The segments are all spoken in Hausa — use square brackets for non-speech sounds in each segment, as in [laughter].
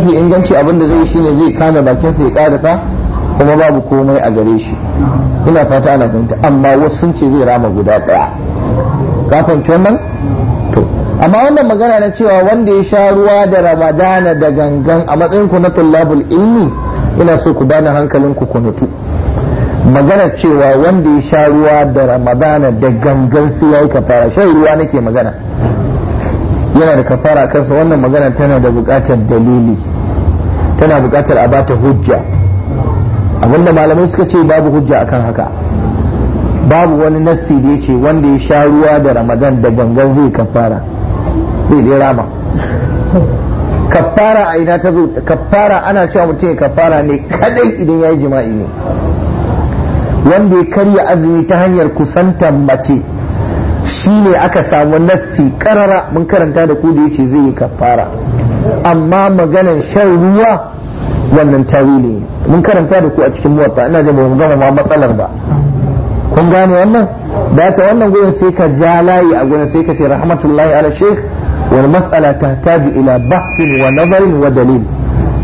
mafi inganci abin da zai shine zai bakin bakinsa ya karasa kuma babu komai a gare shi ina fata ana fahimta amma wasu sun ce zai rama guda daya Kafin wannan to amma wannan magana na cewa wanda ya sha ruwa da ramadana da gangan a matsayin ku na tullabul ilmi ina so ku bani hankalin ku kunutu magana cewa wanda ya sha ruwa da ramadana da gangan sai yi kafara shan ruwa nake magana yana da kafara kansa wannan magana tana da buƙatar dalili tana buƙatar a bata hujja abinda malamai suka ce babu hujja akan haka babu wani nassi da ya ce wanda ya sha ruwa da ramadan da gangan zai kafara zai dai rama kafara a ina ta zo kafara ana cewa mutum ya kafara ne kadai idan ya yi jima'i ne wanda ya karya azumi ta hanyar kusantar mace shi ne aka samu nassi karara mun karanta da ku da yace zai yi kafara amma maganan shan ruwa wannan tawili ne mun karanta da ku a cikin muwatta ina da mu gama ma matsalar ba kun gane wannan da ta wannan gurin sai ka ja layi a gurin sai ka ce rahmatullahi ala sheikh wal mas'ala tahtaju ila bahthin wa nazarin wa dalil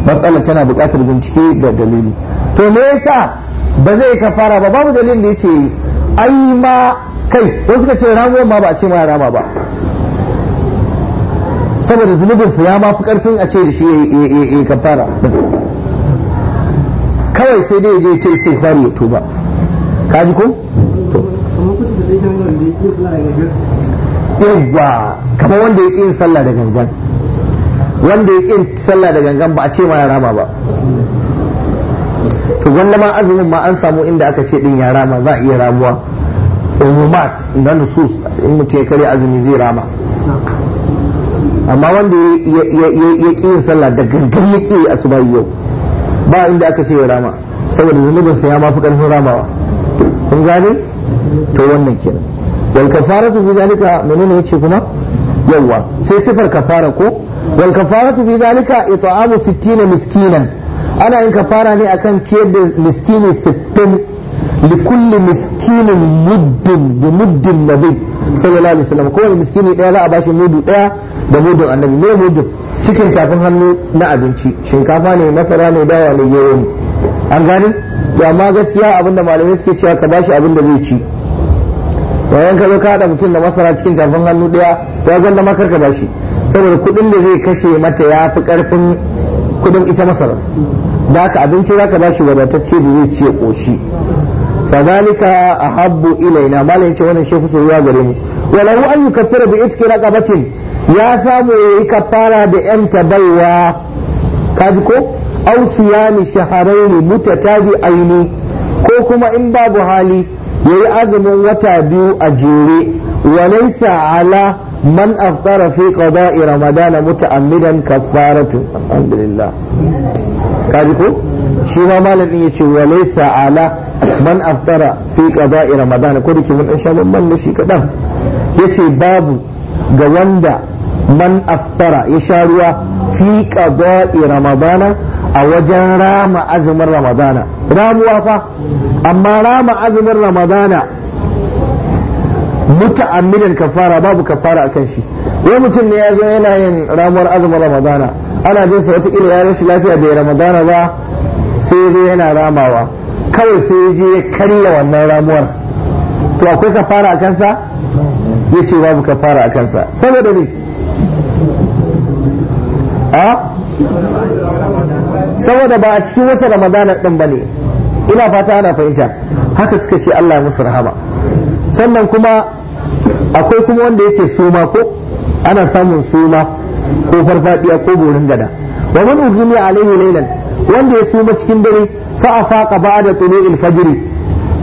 matsalar tana buƙatar bincike da dalili to me yasa ba zai kafara ba babu dalilin da yace ai ma kai wasu suka ce ramuwa ma ba a ce ma rama ba saboda zunubin su ya ma fi karfin a ce da shi ya kafara kawai sai dai je ce sai fari ya tuba ka ji ko to yawwa kama wanda ya ƙi yin sallah da gangan wanda ya ƙi sallah da gangan ba a ce ma ya rama ba to wanda ma azumin ma an samu inda aka ce din ya rama za a iya ramuwa umumat na nusus in mutum ya karya azumi zai rama amma wanda ya ƙi yin sallah da gangar ya ƙi a su yau ba inda aka ce ya rama saboda zunubinsa ya mafi ƙarfin ramawa kun gane to wannan kenan wal kafaratu fi zalika menene yace kuma yawa sai sifar kafara ko wal kafaratu fi zalika it'amu 60 miskinan ana yin kafara ne akan ciyar da miskini sittin. likulli miskinin muddin da muddin صلى الله عليه وسلم كل miskini daya za a bashi mudu daya da mudun annabi cikin tafin hannu na abinci shinkafa ne masara ne dawa ne gero an gani to amma gaskiya abinda malamai suke cewa ka bashi abin da zai ci bayan ka zo ka hada mutum da masara cikin tafin hannu daya ya gwanda makar ka bashi saboda kudin da zai kashe mata ya fi karfin kudin ita masara da aka abinci za ka bashi wadatacce da zai ci ya koshi fa a habbu ilaina malai ce wannan shefu su zuwa gare mu walau an yukaffira bi itki raqabatin ya samu yayi kafara da yan tabaiwa kaji ko aw siyami shahrayn mutatabi'aini ko kuma in babu hali yayi azumin wata biyu a jere walaysa ala man aftara fi qada'i ramadan muta'ammidan kaffaratu alhamdulillah kaji ko shi ma malamin ya ce walai sa'ala man aftara fi qada'i ramadan ko ke mun dan sha da shi kadan yace babu ga wanda man aftara ya sha ruwa fi qada'i ramadana a wajen rama azumin ramadana ramuwa fa amma rama azumin ramadana muta'ammidan kafara babu kafara akan shi wai mutum ne ya zo yana yin ramuwar azumin ramadana ana bin sa wata ya rashin lafiya bai ramadana ba sai yana ramawa kawai sai ya je ya karya wannan ramuwar to akwai kafara a kansa ya ce babu kafara a kansa saboda me a saboda ba a cikin wata ramadana din ba ne ina fata ana fahimta haka suka ce Allah musu rahama sannan kuma akwai kuma wanda yake suma ko ana samun suma ko farfadiya ko borin gada wa man a alaihi lailan. wanda ya suma cikin dare fa a faƙa ba da tulu'il fajr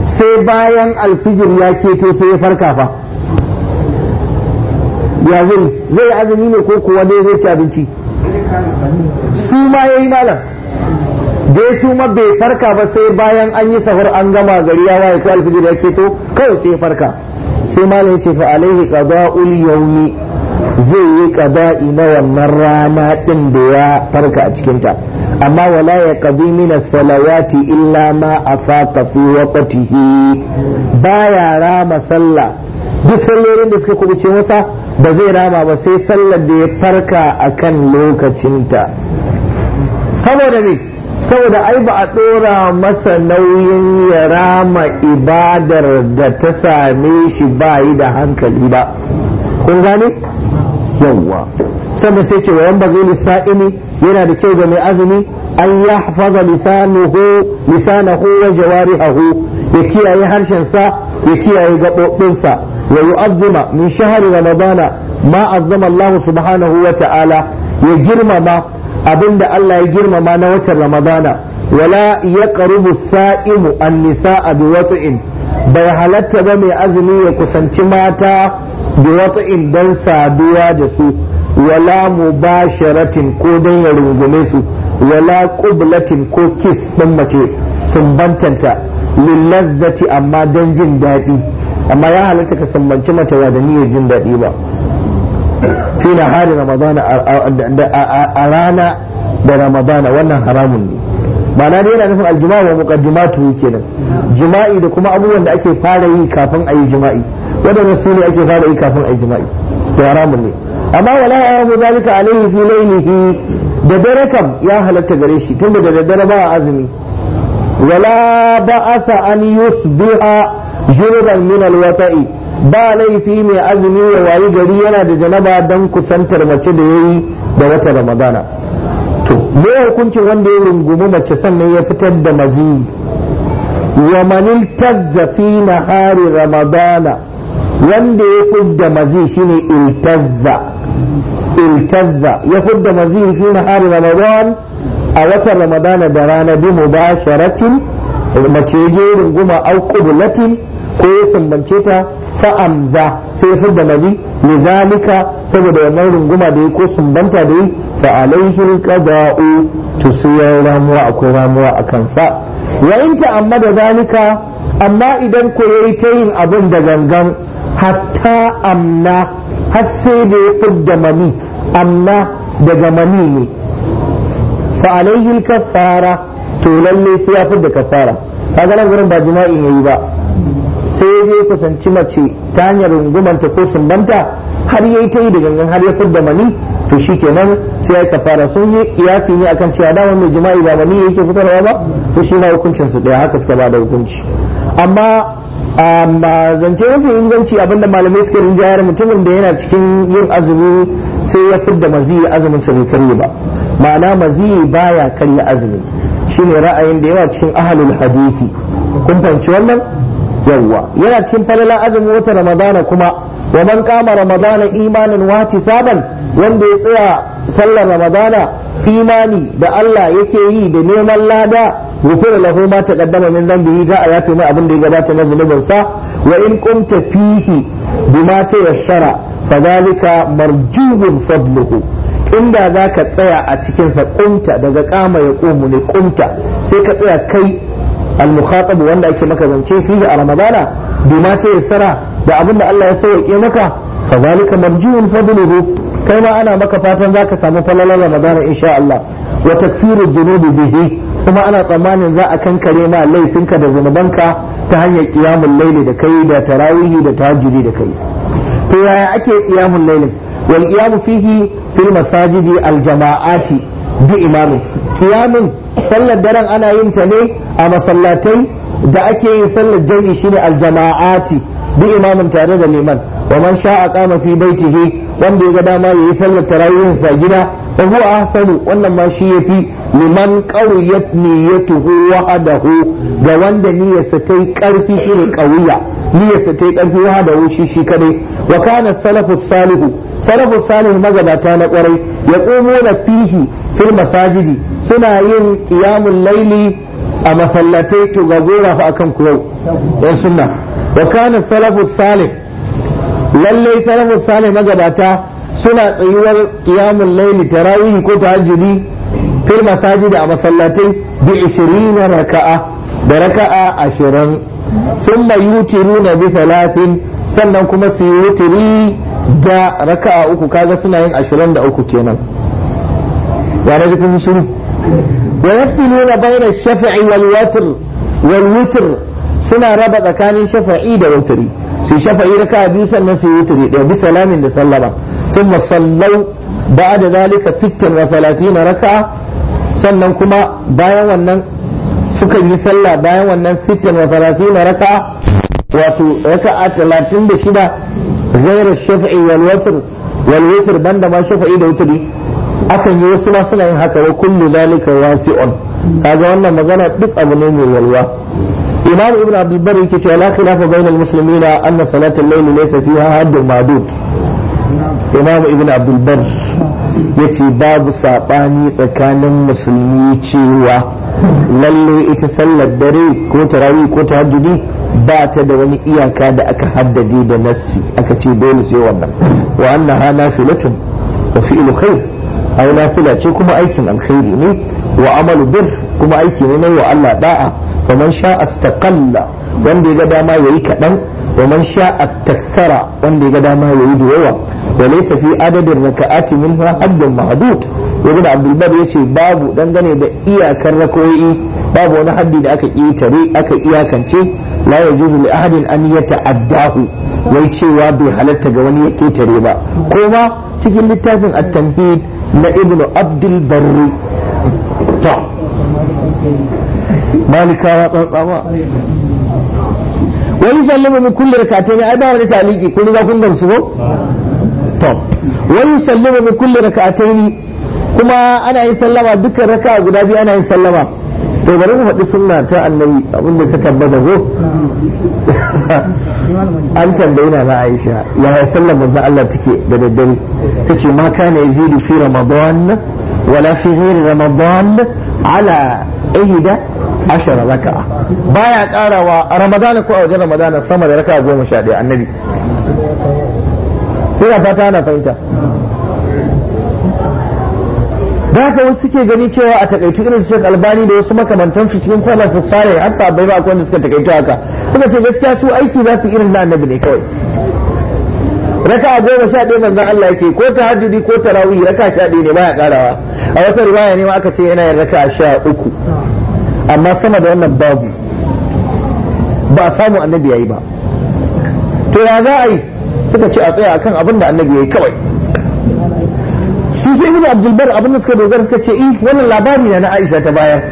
sai bayan alfijir ya keto sai ya farka fa ya zai zai azumi ne ko kuwa dai zai ci abinci Su ma ya yi malam dai suma bai farka ba sai bayan an yi sahur an gama gari ya waye ko alfijir ya keto kawai sai ya farka sai malam ya ce fa alaihi qada'ul yawmi zai yi ƙada'i na wannan rana ɗin da ya farka a cikinta amma wala ya ƙadi mina salawati illa ma a faka fi waƙatihi ba ya rama sallah duk sallolin da suka kubuce masa ba zai rama ba sai sallar da ya farka a kan lokacinta saboda ne saboda ai ba a ɗora masa nauyin ya rama ibadar da ta same shi ba da hankali ba kun gane yawwa sannan sai ce wa yan bazai lisa'imi yana da kyau ga mai azumi an ya hafaza lisanuhu lisanahu wa jawarihahu ya kiyaye sa ya kiyaye sa wa yu'azzima min shahri ramadana ma azzama Allah subhanahu wa ta'ala ya girmama abinda Allah ya girmama na watan ramadana wala yaqrubu sa'imu an-nisa'a bi wata'in bai halatta ba mai azumi ya kusanci mata da wata saduwa da su wala mubasharatin ko dan ya rungume su wala qublatin ko kiss din mace sun bantanta lillazzati amma dan jin daɗi amma ya halatta ka sambanci mace wa da niyyar jin daɗi ba fi na hari ramadana a rana da ramadana wannan haramun ne na da yana nufin aljima wa muqaddimatu kenan jima'i da kuma abubuwan da ake fara yi kafin a yi jima'i waɗanda su ne ake fara yi kafin a jima'i to haramun ne amma wala ya rabu zalika alaihi fi lailihi da dare kam ya halatta gare shi tunda da dare ba azumi wala ba'asa an yusbiha junuban min alwata'i ba laifi mai azumi ya wayi gari yana da janaba dan kusantar mace da yayi da wata ramadana to me hukuncin wanda ya rungumi mace sannan ya fitar da maziyi wa manil tazzafi na hari ramadana wanda ya fudda mazi shine iltazza iltazza ya fudda mazi fi nahari ramadan a watan ramadana da rana bi mubasharatin mace je runguma au qublatin ko ya sumbance ta fa'amda sai ya fudda mazi lidhalika saboda wannan runguma da ko sumbanta da yi fa alaihi alqada'u to sai ramuwa akwai ramuwa a kansa wa in da zalika amma idan ko yayi ta yin abin da gangan hatta amna har sai da ya fidda mani amma daga mani ne fa alaihi kafara to lalle sai ya fidda kafara kaga nan gurin ba jima'i ne ba sai ya je kusanci mace ta hanyar rungumanta ko sumbanta har yi ta yi da gangan har ya fidda mani to shi nan sai ya kafara sun yi kiyasi ne akan cewa dama mai jima'i ba mani yake fitarwa ba to shi na hukuncin su daya haka suka ba da hukunci amma amma zance mafi inganci abinda malamai suka rinjayar mutumin da yana cikin yin azumi sai ya fidda maziyi azumin sa bai karye ba ma'ana maziyi baya karya azumi shine ra'ayin da yawa cikin ahalul hadisi kun fahimci wannan yawwa yana cikin falalan azumin wata ramadana kuma wa man kama ramadana imanin wati saban wanda ya tsaya sallar ramadana imani da Allah yake yi da neman lada غفر له ما تقدم من ذنبه جاء يافي ما أبن دي قبات نزل وإن قمت فيه بما تيسر فذلك مرجو فضله inda za ka tsaya a cikinsa kumta daga kama ya ƙomu ne sai ka tsaya kai al-mukhatab wanda ake maka zance fi a ramadana bima ta yassara da abinda Allah ya sauke maka fa zalika marjuun fadluhu kai ma ana maka fatan zaka samu falalar ramadana insha Allah wa takfiru dhunubi bihi kuma ana tsammanin za a kankare ma laifinka da zunubanka ta hanyar kiyamun laili da kai da tarawihi da tahajjudi da kai to yaya ake kiyamun lailin wal qiyamu fihi fil masajidi al jama'ati bi imamin qiyamin sallar daren ana yin ta ne a masallatai da ake yin sallar jami'i shine al jama'ati bi imamin tare da liman wa man sha'a qama fi baitihi wanda ya ga dama yayi sallar tarawihin sa gida wa huwa ahsanu wannan ma shi yafi liman qawiyat niyyatuhu wahdahu ga wanda niyyarsa tai karfi shi ne qawiya niyyarsa tai karfi wahdahu shi shi kadai wa kana salafu salihu salafu salihu magabata na kwarai yaqumuna fihi fil masajidi suna yin qiyamul laili a masallatai to ga gora fa akan ku yau dan sunna wa kana salafu salih lallai salafu salih magabata suna tsayuwar qiyamul layli tarawih ko tahajjudi fil masajid a masallatai bi 20 raka'a da raka'a 20 thumma yutiruna bi thalathin sannan kuma su yi wutiri da raka'a uku kaga suna yin 23 kenan ya na jikin shiru wa yafsiluna bayna shafi'i wal watr wal witr suna raba tsakanin shafa'i da wutri su shafa'i raka'a biyu sannan su yi wutri da bi salamin da sallama ثم صلوا بعد ذلك ستا وثلاثين ركعة سنن كما بايا ونن سكا يسلى بايا ونن ستا وثلاثين ركعة واتو ركعة zaira بشدة غير الشفعي والوتر والوتر بند ما شفعي ده وتري akan yi wasu suna yin haka wa kullu zalika wasi'un kaga wannan magana duk abu ne mai yalwa imam ibn abdul bari yake cewa la khilafa bainal muslimina anna salatul layl laysa fiha haddun madud imam ibn abdulbar ya ce babu saɓani tsakanin musulmi cewa lalle ita sallar dare ko tarawi ko tahajjudi ba ta da wani iyaka da aka haddade da nassi aka ce dole sai wannan wa annaha nafilatun wa fi'lu khair ai nafila ce kuma aikin alkhairi ne wa amalu bir kuma aiki ne na wa Allah da'a wa man sha astaqalla wanda ya ga dama yayi kadan wa man sha astakthara wanda ya ga dama yayi da yawa wa laysa fi adadin raka'ati minha haddun mahdud yaga da Abdul Bar yace babu dangane da iyakar rakoyi babu wani haddi da aka tare aka iyakance la yajuzu li ahadin an yata'addahu wai cewa bai halarta ga wani ya ketare ba kuma cikin littafin at na Ibnu Abdul Barri to malikawa tsatsawa wani sallama min kulli ne ai ba wani taliki kun za kun gamsu ko to wani sallama min kulli ne kuma ana yin sallama dukkan raka guda biyu ana yin sallama to bari mu faɗi sunna ta annabi abinda ta tabbata ko [laughs] an tambayi na Aisha ya sallama manzo Allah take da daddare tace ma kana yazidu fi ramadan ولا في غير رمضان على إحدى عشر ركعة بايع قال رمضان كو أوجه رمضان الصمد ركعة قوم شادي النبي ina fata ana fahimta da haka wasu suke gani cewa a takaitu irin su shekaru albani da wasu makamantan su cikin salafin salih har sabai ba akwai wanda suka takaitu haka suka ce gaskiya su aiki za su irin na annabi ne kawai raka goma sha ɗaya manzan Allah yake ko tahajjudi ko rawi raka sha ɗaya ne baya karawa a wata riwaya ne ma aka ce yana yin raka sha uku amma sama da wannan babu ba a samu annabi yi ba to ya za a yi suka ce a tsaya akan abin da annabi yi kawai su sai ibn abdulbar abin da suka dogara suka ce eh wannan labari na na Aisha ta bayar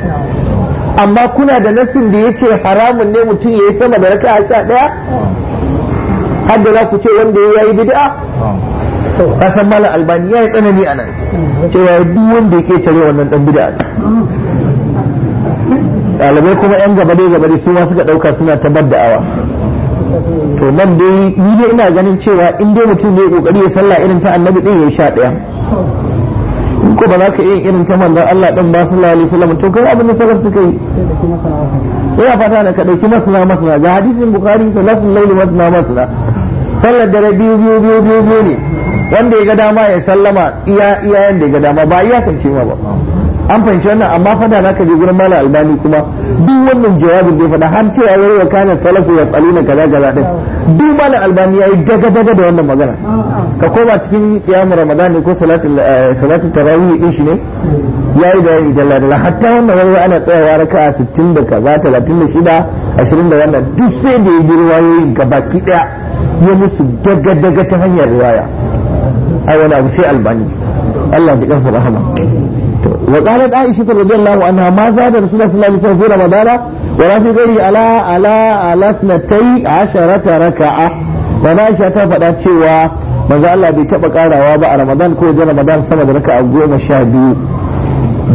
amma kuna da nassin da ya ce haramun ne mutum ya yi sama da raka sha ɗaya hadda za ku ce wanda ya yi bid'a a san malam albani ya yi tsanani a nan cewa duk wanda yake tare wannan dan bid'a ɗalibai kuma yan gaba dai gaba dai su ma suka ɗauka suna ta awa. to nan dai ni dai ina ganin cewa in dai mutum ne kokari ya sallah irin ta annabi din ya sha ɗaya in ko ba za ka iya irin ta manzon Allah din ba su lalai wasallam to kai abin da salaf suka yi ina fata da ka dauki masana masana ga hadisin bukhari salafin na masana masana sallar dare biyu biyu biyu biyu biyu ne wanda ya ga dama ya sallama iya iya da ya ga dama ba iya kan cewa ba an fahimci wannan amma fada na ka je gurin mala albani kuma duk wannan jawabin da ya fada har cewa wai wa kana salafu ya tsaluna kaza kaza din duk malam albani ya yi daga daga da wannan magana ah, ah. ka koma cikin kiyamun ramadani ko salatu eh, tarawih din shi ne ya yi bayani dalla dalla hatta wannan wani ana tsayawa raka 60 da kaza 36 20 da wannan duk sai da ya bi ga baki daya ya musu daga daga ta hanyar riwaya ai wani abu sai albani Allah ji kansa rahama وقالت عائشة رضي الله عنها ما زاد رسول الله صلى الله عليه وسلم في رمضان ولا في غيره على على على اثنتي عشرة ركعة وما عائشة تفضلت شوى ما زال الله بيتبقى على وابا رمضان كل جنة رمضان سمد ركعة وقوم الشهبي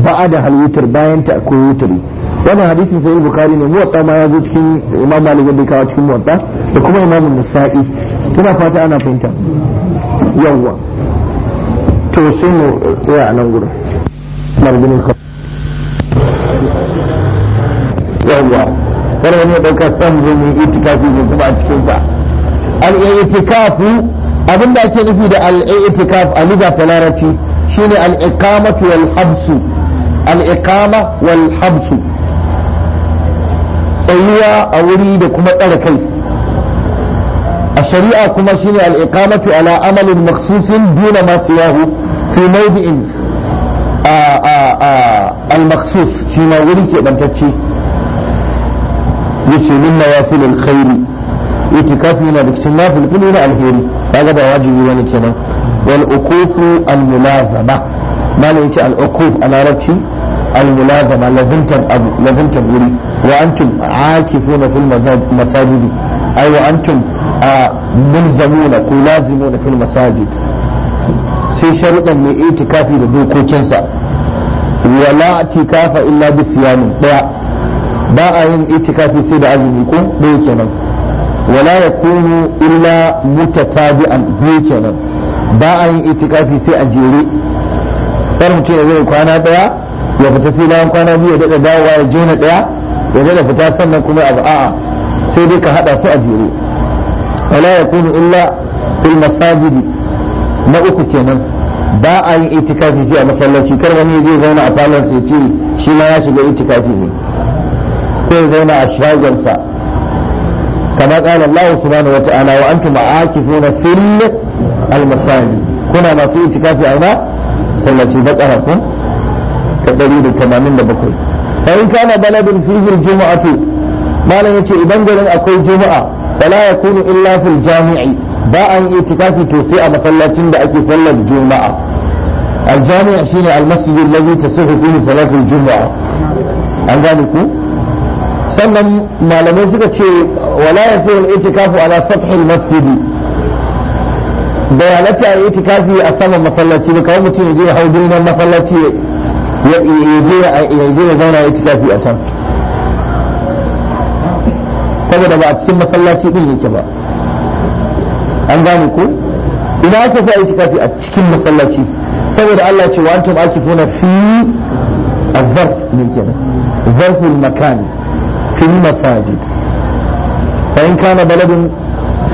بعد الوتر باين تأكل وتري wannan hadisin sai bukari ne muwatta ma ya zo cikin imam malik da kawo cikin muwatta da kuma imam nasa'i ina fata ana fahimta yawwa to sai mu tsaya a nan gurin usman bin khattab kar wani ya dauka san itikafi ne kuma a cikin sa al itikafu abinda ake nufi da al itikaf a lugha ta larabci shine al iqamatu wal habsu al iqama wal habsu tsayuwa a wuri da kuma tsare kai a shari'a kuma shine al iqamatu ala amalin makhsusin duna ma siwahu fi mawdi'in al-maksus shi wuri ke bantacce yace min nawafil al-khairi itikafi yana da cikin nafil na alheri kaga ba wajibi wani kenan wal ukufu al-mulazama malai yace al-ukuf a larabci al-mulazama lazimtar abu lazimtar wuri wa antum aakifuna ko sai sharuɗan mai itikafi da dokokinsa wala itikafa illa bi siyami daya ba a yin itikafi sai da azumi ko daya kenan wala yakunu illa mutatabi'an biyu kenan ba a yin itikafi sai a jere ɗan mutum ya zai kwana daya ya fita sai bayan kwana biyu ya daɗa dawowa ya jona daya ya daɗa fita sannan kuma abu a'a sai dai ka haɗa su a jere wala yakunu illa fil masajidi na uku kenan ba a yin itikafi sai a masallaci kar wani zai zauna a falon sai ce shi ma ya shiga itikafi ne ko ya zauna a shagonsa kama kala Allah subhanahu wa ta'ala wa antum aakifuna fil almasali kuna masu itikafi a ina sallaci bakara ko ta 187 fa in kana baladun fihi aljum'atu malam yace idan garin akwai juma'a fala yakunu illa fil jami'i ba an yi itikafi to sai a masallacin da ake sallar juma'a aljami'a shine almasjidu allazi tasihu fihi salatul juma'a an gane ku sannan malamai suka ce wala yasiru itikafu ala sathil masjidi da ya a yi itikafi a saman masallaci ba kawai mutum ya je hau birnin masallaci ya je ya zauna itikafi a can saboda ba a cikin masallaci din yake ba an gane ko ina ake sa itikafi a cikin masallaci saboda Allah ce wa antum akifuna fi azzarf ne kenan zarful makan fi masajid fa in kana baladun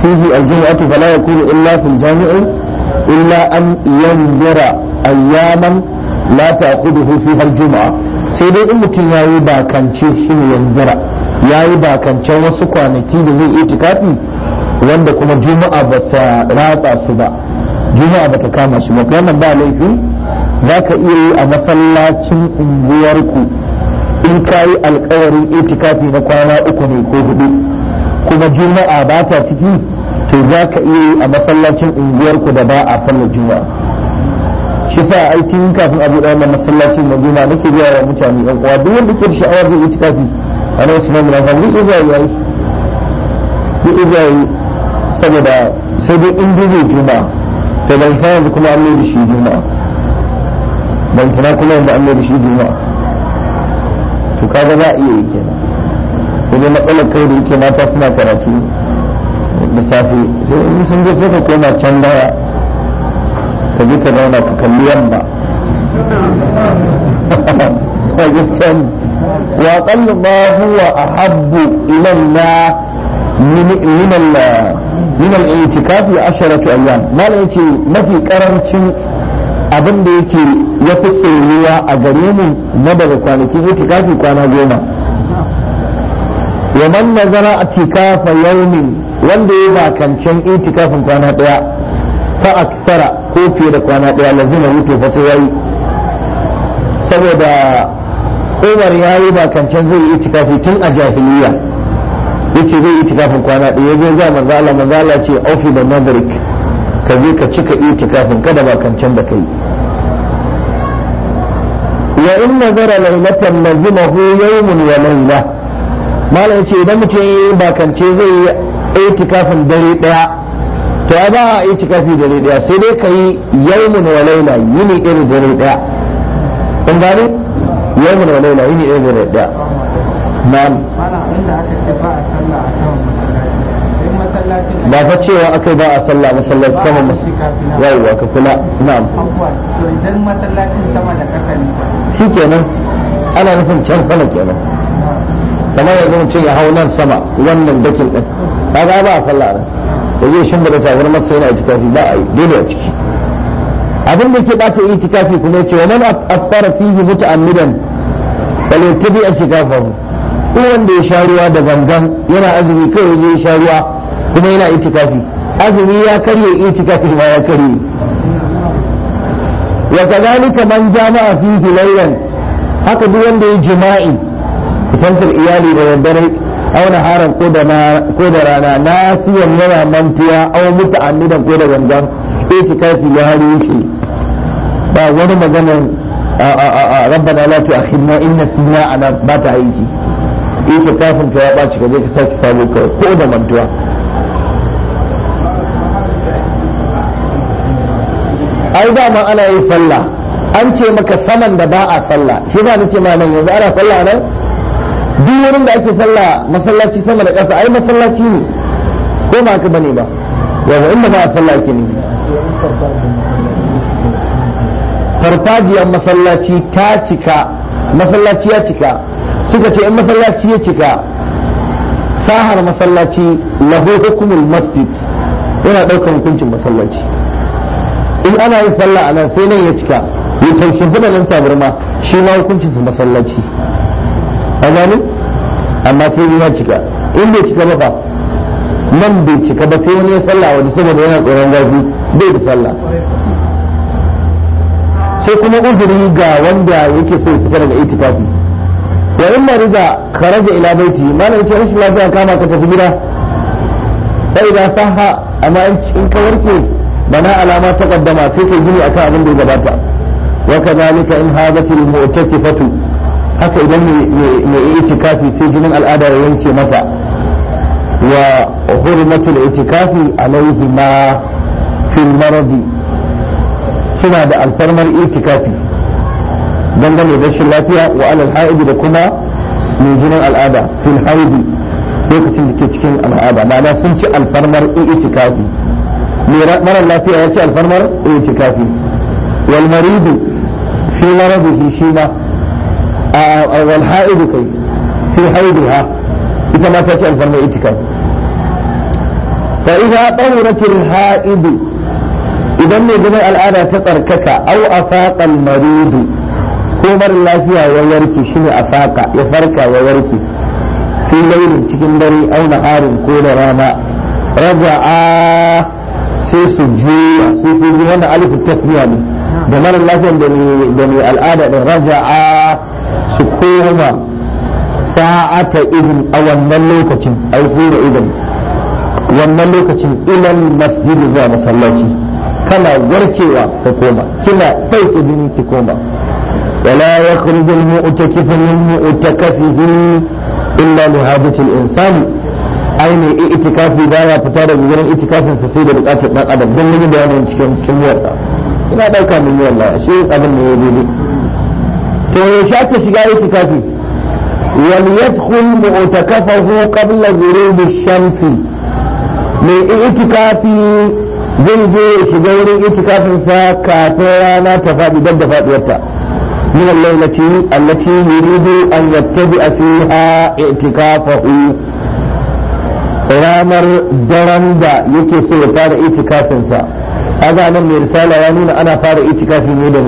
fihi الجمعة fala yakunu illa fi aljami'i illa an yanzura ayyaman la تأخذه فيها الجمعة sai dai in mutum yayi yi bakance shi ne yanzura ya bakance wasu kwanaki da zai itikafi wanda kuma juma'a ba ta ratsa su ba juma'a ba ta kama shi ba wannan ba laifi za ka iya yi a masallacin unguwarku in ka yi alkawarin itikafi na kwana uku ne ko hudu kuma juma'a ba ta ciki to za ka iya yi a masallacin unguwarku da ba a sallar juma'a shi sa aiki tun kafin abu ɗaya na masallacin na juma'a nake biya wa mutane yan uwa duk wanda ke da sha'awar zai itikafi a nan su mamu na kan zai iya yi zai iya yi saboda sai dai in zai juma'a da balantana yanzu kuma an da shi juma'a balantana kuma yanzu an da shi juma'a to kaga za a iya yi kenan sai dai matsalar kai da yake mata suna karatu da safe sai in sun zo sai ka koma can baya ka je ka zauna ka kalli yamma [laughs] gaskiya wa qallu ma huwa ahabbu ila Allah min al-i'tikafi asharatu ayyam malai yace mafi karancin abin da yake ya fi tsoriwa a gare mu na daga kwanakin itikafi kwana goma wa man nazara itikafa yawmin wanda ya bakancan itikafin kwana daya fa aksara ko fiye da kwana daya lazima wuto fa sai yayi saboda Umar ya yi bakancan zai yi itikafi tun a jahiliya yace zai itikafin kwana ɗaya yaje ga manzo Allah manzo Allah ce aufi da madrik ka je ka cika itikafin kada ba kancan da kai wa in nazara laylatan lazimahu yawmun wa layla malai yace idan mutum yayi kance zai yi itikafin dare daya to ba a itikafi dare daya sai dai kai yawmun wa layla yini irin dare daya kun gane yawmun wa layla yini irin dare daya na'am ba cewa akai ba a sallah masallaci sama yawwa ka kula na'am to idan masallacin sama da kasa ne shi kenan ana nufin can sama kenan kamar yanzu mutum ya ba a sallah da zai masa yana itikafi ba a yi dole a ciki abin da ke bata itikafi kuma ya wa man afkara fihi muta'ammidan bal yattabi itikafahu kowanda ya sha ruwa da gangan yana azumi kai yaje ya sha ruwa kuma yana itikafi azumi ya karye itikafi ma ya karye wa kadhalika man jama'a fihi laylan haka duk wanda ya jima'i kusantar iyali da daddare aw haran ko da ko da rana nasiyan yana mantiya aw muta'ammidan ko da gangan itikafi ya haru shi ba wani maganar rabbana la tu'akhidna in nasina ana bata aiki in ka kafin ka ya ɓaci ka je ka sake samu kawai ko da mantuwa ai ma ana yin sallah an ce maka saman da ba a sallah shi ba ni ce ma nan yanzu ana sallah nan duk wurin da ake sallah masallaci sama da ƙasa ai masallaci ne ko ba ka bane ba yanzu inda ba a sallah ke ne farfajiyar masallaci ta cika masallaci ya cika suka ce in masallaci ya cika sahar masallaci lahu hukumul masjid yana ɗaukar hukuncin masallaci in ana yin sallah ana sai nan ya cika ya taushe hudu nan tabarma shi ma hukuncin su masallaci a gani amma sai ya cika in bai cika ba fa nan bai cika ba sai wani ya sallah wani saboda yana tsoron zafi bai da sallah sai kuma uzuri ga wanda yake so ya fita daga itikafi wa inna rida kharaja ila baiti malam yace rashin lafiya kama ka tafi gida sai da saha amma in ka warke bana alama ta kaddama sai kai gini akan abin da ya gabata wa kadhalika in hadatil mu'takifatu haka idan mai itikafi sai jinin al'ada ya yanke mata wa hurmatul itikafi alaihi ma fil maradi suna da alfarmar itikafi dangane da rashin lafiya wa alal haidi da kuma mai jinin al'ada fil haidi lokacin da ke cikin al'ada ma'ana sun ci alfarmar i'tikafi mara lafiya ya ci alfarmar i'tikafi wal maridu fi maradihi shi ma wal haidu kai fi haidiha ita ma ta ci alfarmar i'tikafi fa idza tawratil haidu idan mai jinin al'ada ta tsarkaka au afaqal maridu ko lafiya ya warke ne a faka ya farka ya warke fi lailin cikin dare au harin ko da rana raja'a sai su juya su su ji wannan alifu tasmiya ne da mara lafiyan da mai al'ada da a su koma sa'ata irin a wannan lokacin a yi da ibn wannan lokacin ilal masjid zuwa masallaci kana warkewa ka koma kina ɗauke jini ki koma ولا يخرج المؤتكف من مؤتكفه إلا لحاجة الإنسان أين إئتكافي بايا فتارة جزيلا إئتكافي سسيدة بقاتل ما قدم دم من بيانا cikin cikin wata ina dauka min yalla shi abin da ya dole to ya shata shiga itikafi wal yadkhul mu'takafahu qabla ghurub ash-shams mai itikafi zai je ya shiga wurin itikafin sa kafin ta faɗi dab da faɗiyarta من الليلة التي يريد أن يتبع فيها اعتكافه ranar daren da yake so ya fara itikafinsa aga nan mai risala nuna ana fara itikafi ne da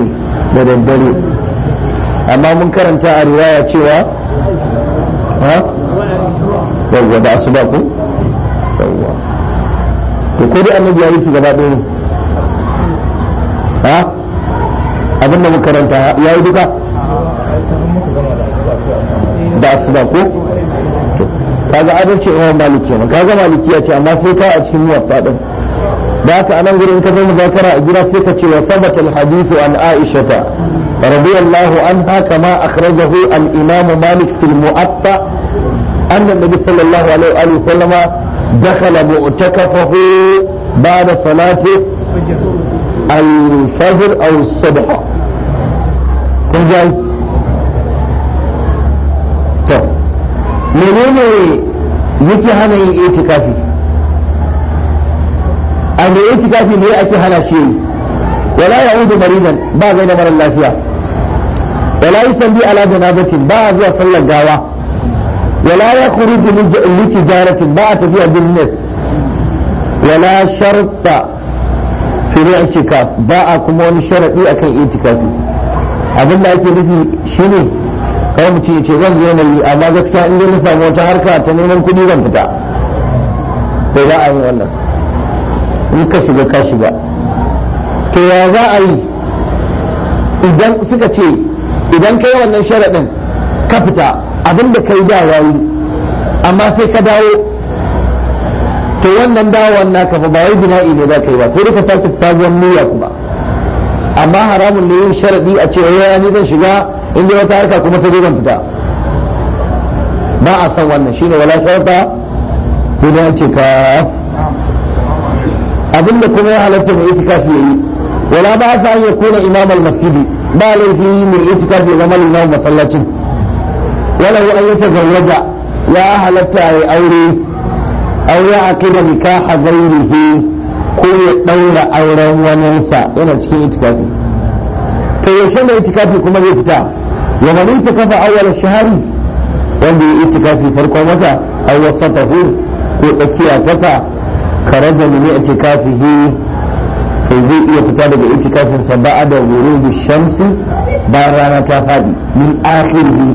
daddare amma mun karanta a riwaya cewa annabi ya yi su abin da muka karanta ya yi duka da asuba ko kaga adalci imam maliki kenan kaga maliki ya ce amma sai ka a cikin muwatta din da haka anan gurin ka zama zakara a gida sai ka ce wa sabata alhadithu an aishata radiyallahu anha kama akhrajahu al-imam malik fil muwatta anna nabi sallallahu alaihi wa sallam dakhala mu'takafahu ba'da salati al-fajr aw as-subh kun ji to menene yake hana yin itikafi a me itikafi ne ake hana shi yi wala ya ya'udu maridan ba zai da marar lafiya wala yusalli ala janazatin ba a zuwa sallar gawa wala ya yakhruju li jaratin ba a tafiya business wala sharta fi i'tikaf ba a kuma wani sharadi akan itikafi abin da ake nufi ne kawai mutum ya ce zan zo na yi amma gaskiya in dai na samu wata harka ta neman kuɗi zan fita to za a yi wannan in ka shiga ka shiga to ya za a yi idan suka ce idan kai wannan sharaɗin ka fita abin da yi da wayi amma sai ka dawo to wannan dawon naka fa ba wai bina'i ne za ka yi ba sai da ka sake sabuwar niyya kuma amma haramun ne yin sharadi a cewa ya ni zan shiga in wata harka kuma ta zan fita ba a san wannan shine wala sarfa ko da ce ka abinda kuma ya halatta mai itikafi yayi wala ba sa ya kuna imam al ba laifi mai itikafi ya zama imam masallacin wala an yatazawwaja ya halatta ya aure aure aqida nikaha ghairihi ko ya ɗaura auren waninsa yana cikin itikafi to yaushe mai itikafi kuma zai fita ya mani itikafa awwal shahari wanda ya itikafi farkon wata aw wasatahu ko tsakiya tasa karaja min itikafihi to zai iya fita daga itikafin sa ba'a da ghurubi shamsi ba rana ta faɗi, min akhirihi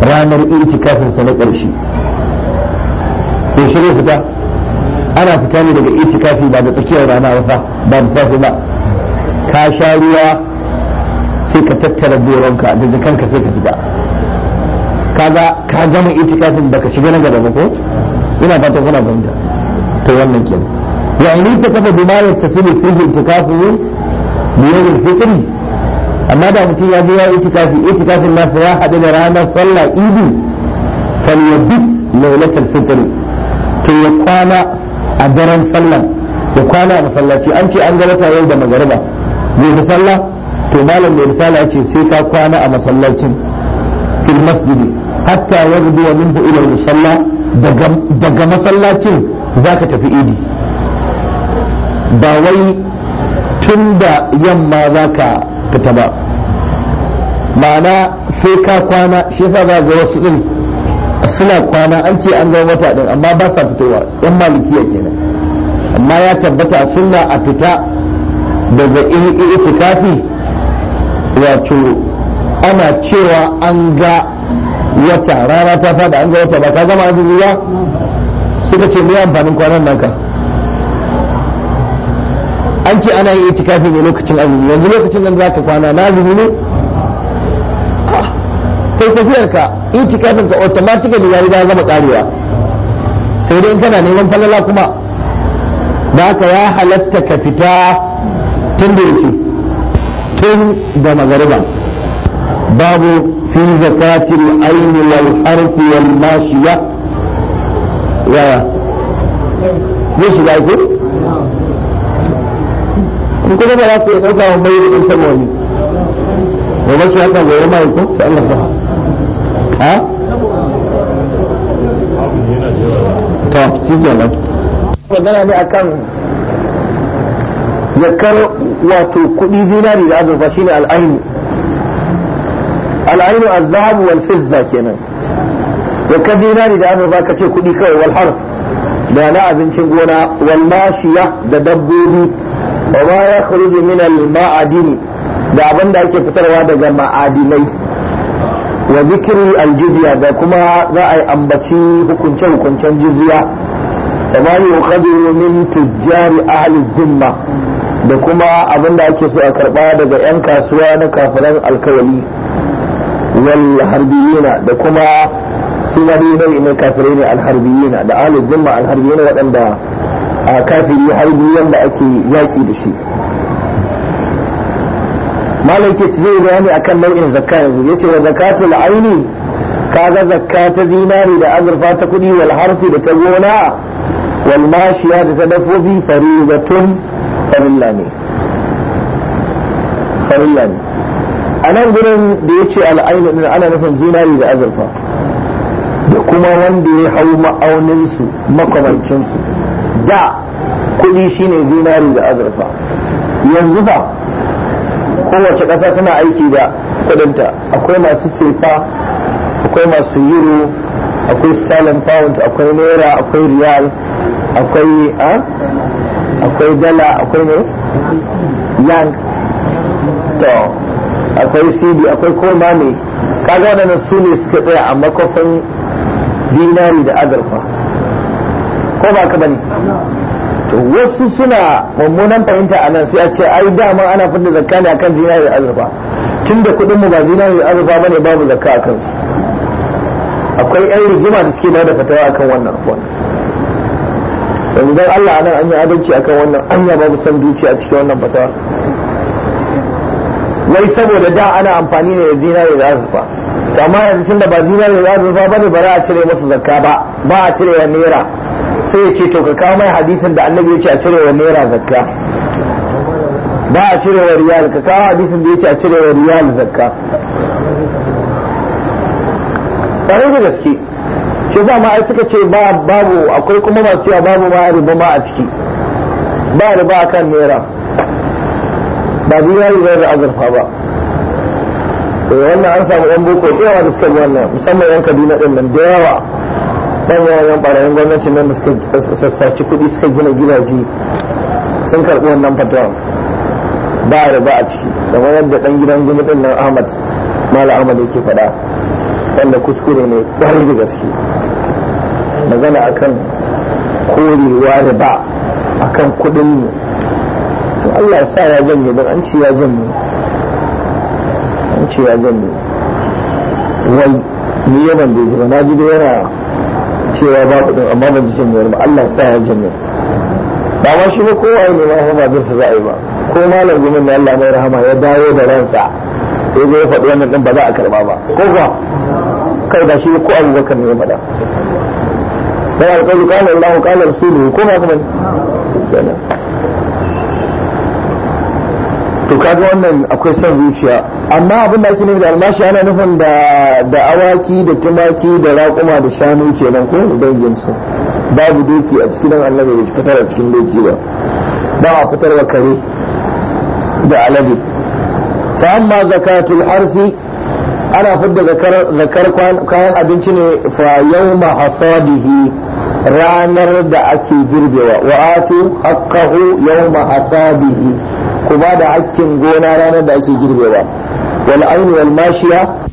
ranar itikafin sa na ƙarshe yaushe zai fita ana fita ne daga itikafi ba da tsakiyar rana ba ba da safe ba ka sha ruwa sai ka tattara goronka da jikanka sai ka fita kaga ka gama itikafin baka shiga na gaba ko ina fatan kuna fahimta to wannan kenan yani ta kafa bima ya tasiru fihi itikafu biyar fitri amma da mutum ya je ya itikafi itikafin nasa ya haɗu da ranar sallah idi falyabit lailatul fitri to ya kwana a daren sallah ya kwana a masallaci an ce an ga wata yau da magariba bai sallah to malam mai risala ya ce sai ka kwana a masallacin fil masjidi hatta yaghdu wa minhu ila musalla daga masallacin zaka tafi idi ba wai tun da yamma zaka fita ba ma'ana sai ka kwana shi yasa za ga wasu din suna kwana an ce an zama wata din amma ba sa fitowa yan malikiya kenan amma ya tabbata suna a fita daga itikafi wato ana cewa an ga wata rana ta fada an ga wata ba ka zama azumi ba suka ce mai amfanin kwanan naka an ce ana yi itikafi ne lokacin azumi yanzu lokacin nan za ka kwana na azumi ne sai tafiyar ka itikafin ka automatically ya riga gama karewa sai dai in kana neman falala kuma da haka ya halatta ka fita tun da yake tun da magariba babu fi zakatil aini wal harsi wal mashiya ya zai shiga ku in kuma ba za ku yi ɗauka wa mai ɗin tamomi ba shi haka gobe mai ko sai Allah saha ha to shikenan magana ne akan zakar wato kudi zinari da azurfa shine al'ainu al'ainu az-zahab wal fizza kenan zakar dinari da azurfa ka ce kudi kawai wal hars da na abincin gona wal mashiya da dabbobi wa ma yakhruju min al ma'adini da abin da ake fitarwa daga ma'adinai wa zikiri aljiziya da kuma za a yi ambaci hukunce-hukuncen jiziya da ma yi ukadiru min tujjari ahli zimma da kuma abin da ake so a karba daga 'yan kasuwa na kafiran alkawali wal harbiyina da kuma su ma dai nau'i ne kafirai ne alharbiyina da ahli zimma alharbiyina waɗanda a kafiri harbiyan da ake yaƙi da shi malai ke zai bayani akan nau'in zakka yanzu yace wa zakatul aini kaga zakka ta zinari da azurfa ta kudi wal harfi da ta gona wal mashiya da ta dafobi faridatun farilla ne farilla ne a nan gurin da ya ce al'ainu din ana nufin zinari da azurfa da kuma wanda ya hau ma'auninsu makamancinsu da kudi shine zinari da azurfa yanzu ba kowace ƙasa tana aiki da kudinta akwai masu sefa akwai masu euro akwai stalin pound akwai naira akwai riyal akwai a akwai dala akwai ne yang to akwai cd akwai koma ne kaga wadanda su ne suka tsaya a makofin dinari da agarfa ko ba ka bane to wasu suna mummunan fahimta a nan sai a ce ai dama ana fidda zakka ne akan zinari da azurfa tunda kudin mu ba zinari da azurfa bane babu zakka a kansu akwai yan rigima da suke da fatawa akan wannan fon yanzu don Allah anan an yi adalci akan wannan anya babu san duci a cikin wannan fatawa wai saboda da ana amfani ne da zinari da azurfa amma yanzu tunda ba zinari da azurfa bane ba za a cire musu zakka ba ba a cire wa naira sai ya ce to ka kawo mai hadisin da annabi ya ce a cirewa naira zakka ba a cirewa riyal ka kawo hadisin da ya ce a cirewa riyal zakka ƙwarai da gaske shi za ma ai suka ce ba babu akwai kuma masu cewa babu ma riba ma a ciki ba riba kan naira ba dinari zai da azurfa ba wannan an samu yan boko da yawa da suka yi wannan musamman yan kaduna din nan da yawa ɗanyayen ɓarayin gwamnatin nan da suka sassaci kuɗi suka gina gidaje sun karɓi wannan fatawa ba riba a ciki kamar yadda ɗan gidan gwamnatin nan ahmad mala ahmad yake faɗa wanda kuskure ne ɗari da gaske magana akan korewa riba akan kuɗin mu to Allah sa ya janye don an ce ya janye an ce ya janye wai ni yaban bai ji ba na ji da yana cewa babu din amma ban ji janyewar ba Allah sa ya janye ba ma shi ba kowa ne ma ba bin sa za a yi ba ko malam gumin ne Allah mai rahama ya dawo da ransa ya zo ya faɗi wannan din ba za a karba ba ko ba kai ba shi ko abubakar ne ya faɗa dan alƙawari kana Allah kana rasuluhu ko ba kuma kenan to kaga wannan akwai son zuciya amma abin da ake nufi da almashi ana nufin da da awaki da tumaki da raƙuma da shanu kenan ko dangin su babu doki a cikin annabi bai fitar a cikin doki ba ba a fitar da kare da alade fa amma zakatul harsi ana fidda zakar zakar kayan abinci ne fa yawma hasadihi ranar da ake girbewa wa atu haqqahu yawma hasadihi ku ba da hakkin gona ranar da ake girbewa wal ainu wal mashiya